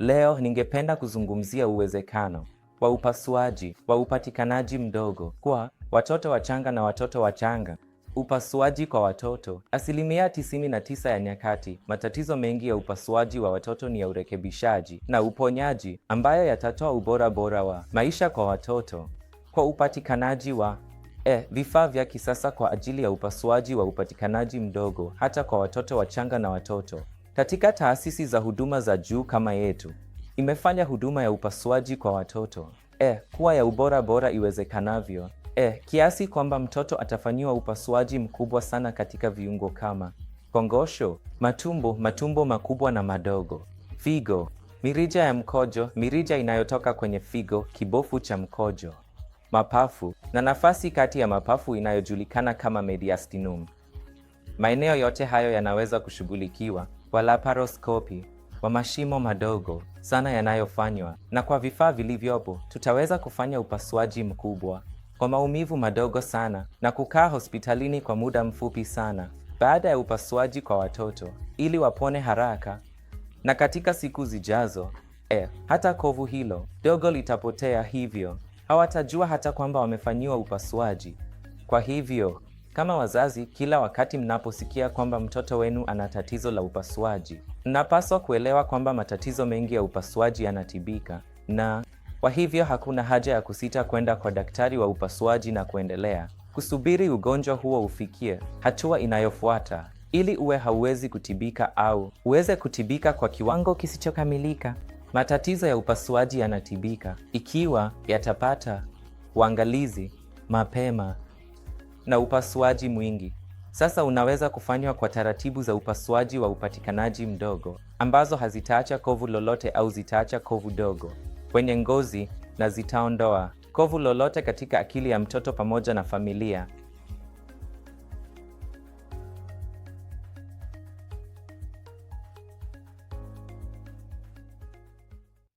Leo ningependa kuzungumzia uwezekano wa upasuaji wa upatikanaji mdogo kwa watoto wachanga na watoto wachanga. Upasuaji kwa watoto. Asilimia 99 ya nyakati, matatizo mengi ya upasuaji wa watoto ni ya urekebishaji na uponyaji ambayo yatatoa ubora bora wa maisha kwa watoto. Kwa upatikanaji wa e, vifaa vya kisasa kwa ajili ya upasuaji wa upatikanaji mdogo hata kwa watoto wachanga na watoto katika taasisi za huduma za juu kama yetu imefanya huduma ya upasuaji kwa watoto e, kuwa ya ubora bora iwezekanavyo e, kiasi kwamba mtoto atafanyiwa upasuaji mkubwa sana katika viungo kama kongosho, matumbo, matumbo makubwa na madogo, figo, mirija ya mkojo, mirija inayotoka kwenye figo, kibofu cha mkojo, mapafu na nafasi kati ya mapafu inayojulikana kama mediastinum. Maeneo yote hayo yanaweza kushughulikiwa wa laparoskopi wa mashimo madogo sana yanayofanywa, na kwa vifaa vilivyopo tutaweza kufanya upasuaji mkubwa kwa maumivu madogo sana na kukaa hospitalini kwa muda mfupi sana baada ya upasuaji kwa watoto ili wapone haraka, na katika siku zijazo eh, hata kovu hilo dogo litapotea, hivyo hawatajua hata kwamba wamefanyiwa upasuaji. Kwa hivyo kama wazazi, kila wakati mnaposikia kwamba mtoto wenu ana tatizo la upasuaji, mnapaswa kuelewa kwamba matatizo mengi ya upasuaji yanatibika, na kwa hivyo hakuna haja ya kusita kwenda kwa daktari wa upasuaji na kuendelea kusubiri ugonjwa huo ufikie hatua inayofuata ili uwe hauwezi kutibika au uweze kutibika kwa kiwango kisichokamilika. Matatizo ya upasuaji yanatibika ikiwa yatapata uangalizi mapema na upasuaji mwingi. Sasa unaweza kufanywa kwa taratibu za upasuaji wa upatikanaji mdogo ambazo hazitaacha kovu lolote au zitaacha kovu dogo kwenye ngozi na zitaondoa kovu lolote katika akili ya mtoto pamoja na familia.